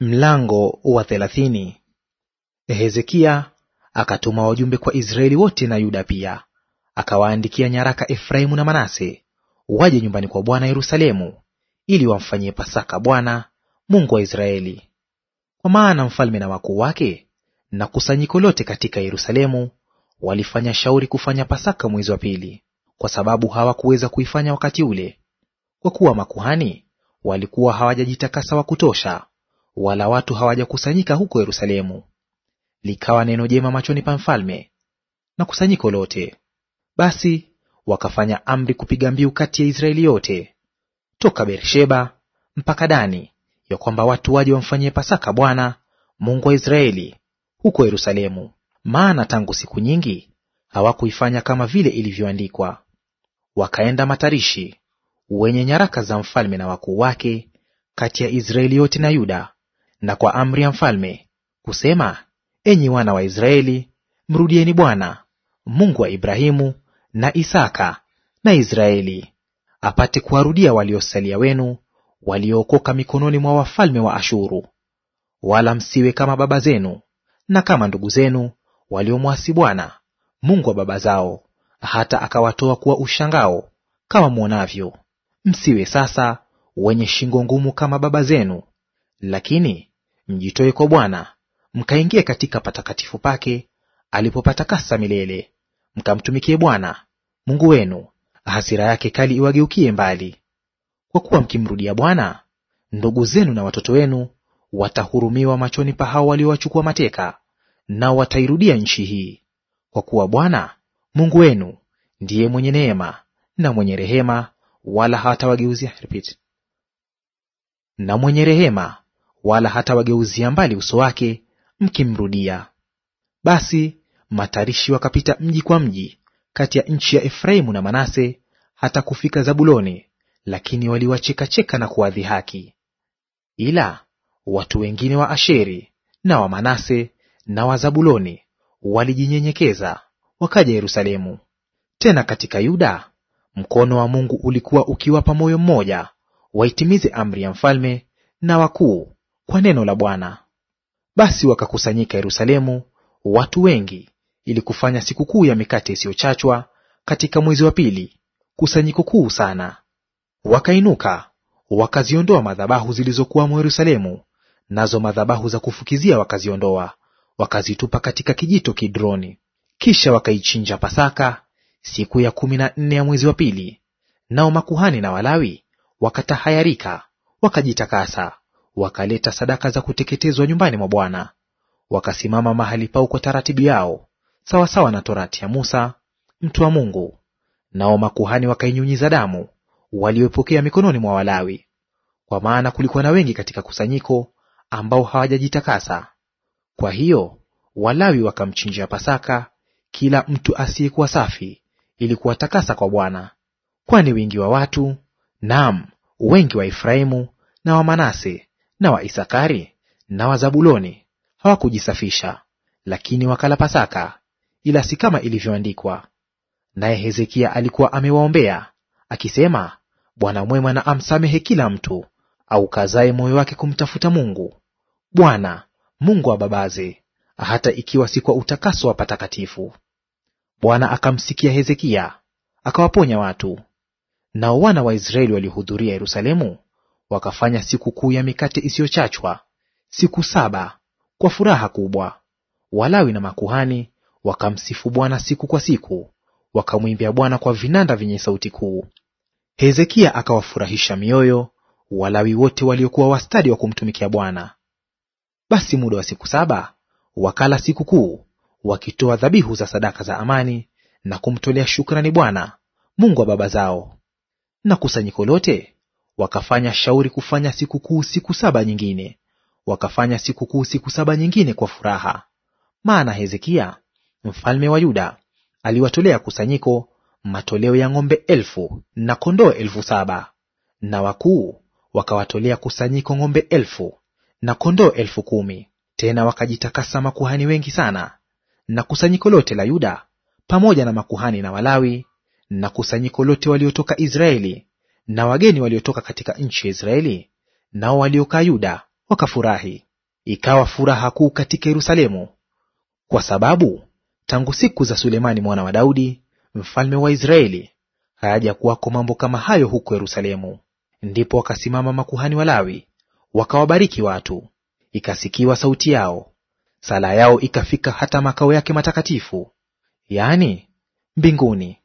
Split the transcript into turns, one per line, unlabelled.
Mlango wa thelathini. Hezekia akatuma wajumbe kwa Israeli wote na Yuda pia, akawaandikia nyaraka Efraimu na Manase waje nyumbani kwa Bwana Yerusalemu, ili wamfanyie Pasaka Bwana Mungu wa Israeli. Kwa maana mfalme na wakuu wake na kusanyiko lote katika Yerusalemu walifanya shauri kufanya Pasaka mwezi wa pili, kwa sababu hawakuweza kuifanya wakati ule, kwa kuwa makuhani walikuwa hawajajitakasa wa kutosha wala watu hawajakusanyika huko Yerusalemu. Likawa neno jema machoni pa mfalme na kusanyiko lote. Basi wakafanya amri kupiga mbiu kati ya Israeli yote toka Bersheba mpaka Dani, ya kwamba watu waje wamfanyie Pasaka Bwana Mungu wa Israeli huko Yerusalemu, maana tangu siku nyingi hawakuifanya kama vile ilivyoandikwa. Wakaenda matarishi wenye nyaraka za mfalme na wakuu wake kati ya Israeli yote na Yuda na kwa amri ya mfalme kusema, enyi wana wa Israeli, mrudieni Bwana Mungu wa Ibrahimu na Isaka na Israeli, apate kuwarudia waliosalia wenu waliookoka mikononi mwa wafalme wa Ashuru. Wala msiwe kama baba zenu na kama ndugu zenu waliomwasi Bwana Mungu wa baba zao, hata akawatoa kuwa ushangao kama mwonavyo. Msiwe sasa wenye shingo ngumu kama baba zenu, lakini Mjitoe kwa Bwana mkaingie katika patakatifu pake alipopatakasa milele, mkamtumikie Bwana Mungu wenu, hasira yake kali iwageukie mbali. Kwa kuwa mkimrudia Bwana, ndugu zenu na watoto wenu watahurumiwa machoni pa hao waliowachukua mateka, nao watairudia nchi hii. Kwa kuwa Bwana Mungu wenu ndiye mwenye neema na mwenye rehema, wala hatawageuzia na mwenye rehema wala hatawageuzia mbali uso wake mkimrudia. Basi matarishi wakapita mji kwa mji kati ya nchi ya Efraimu na Manase hata kufika Zabuloni, lakini waliwachekacheka na kuwadhihaki. Ila watu wengine wa Asheri na wa Manase na wa Zabuloni walijinyenyekeza wakaja Yerusalemu. Tena katika Yuda mkono wa Mungu ulikuwa ukiwapa moyo mmoja waitimize amri ya mfalme na wakuu kwa neno la Bwana. Basi wakakusanyika Yerusalemu watu wengi ili kufanya sikukuu ya mikate isiyochachwa katika mwezi wa pili, kusanyiko kuu sana. Wakainuka wakaziondoa madhabahu zilizokuwamo Yerusalemu, nazo madhabahu za kufukizia wakaziondoa, wakazitupa katika kijito Kidroni. Kisha wakaichinja Pasaka siku ya kumi na nne ya mwezi wa pili, nao makuhani na Walawi wakatahayarika wakajitakasa wakaleta sadaka za kuteketezwa nyumbani mwa Bwana, wakasimama mahali pao kwa taratibu yao sawasawa na torati ya Musa mtu wa Mungu, nao makuhani wakainyunyiza damu waliopokea mikononi mwa Walawi, kwa maana kulikuwa na wengi katika kusanyiko ambao hawajajitakasa. Kwa hiyo Walawi wakamchinjia Pasaka kila mtu asiyekuwa safi, ili kuwatakasa kwa Bwana, kwani wingi wa watu, naam wengi wa Efraimu na wa Manase na wa Isakari na wa Zabuloni hawakujisafisha, lakini wakala Pasaka, ila si kama ilivyoandikwa. Naye Hezekia alikuwa amewaombea akisema, Bwana mwema na amsamehe kila mtu aukazaye moyo wake kumtafuta Mungu, Bwana Mungu wa babaze, hata ikiwa si kwa utakaso wa patakatifu. Bwana akamsikia Hezekia, akawaponya watu. Nao wana wa Israeli waliohudhuria Yerusalemu Wakafanya kuu ya mikate isiyochachwa siku saba kwa furaha kubwa. Walawi na makuhani wakamsifu Bwana siku kwa siku, wakamwimbia Bwana kwa vinanda vyenye sauti kuu. Hezekia akawafurahisha mioyo Walawi wote waliokuwa wastadi wa kumtumikia Bwana. Basi muda wa siku saba wakala siku kuu wakitoa dhabihu za sadaka za amani na kumtolea shukrani Bwana Mungu wa baba zao. Na kusanyiko lote Wakafanya shauri kufanya sikukuu siku saba nyingine, wakafanya sikukuu siku saba nyingine kwa furaha. Maana Hezekia mfalme wa Yuda aliwatolea kusanyiko matoleo ya ng'ombe elfu na kondoo elfu saba na wakuu wakawatolea kusanyiko ng'ombe elfu na kondoo elfu kumi. Tena wakajitakasa makuhani wengi sana na kusanyiko lote la Yuda pamoja na makuhani na Walawi na kusanyiko lote waliotoka Israeli na wageni waliotoka katika nchi ya Israeli nao waliokaa Yuda wakafurahi. Ikawa furaha kuu katika Yerusalemu, kwa sababu tangu siku za Sulemani mwana wa Daudi mfalme wa Israeli kuwako mambo kama hayo huko Yerusalemu. Ndipo wakasimama makuhani Walawi wakawabariki watu, ikasikiwa sauti yao, sala yao ikafika hata makao yake matakatifu, yaani mbinguni.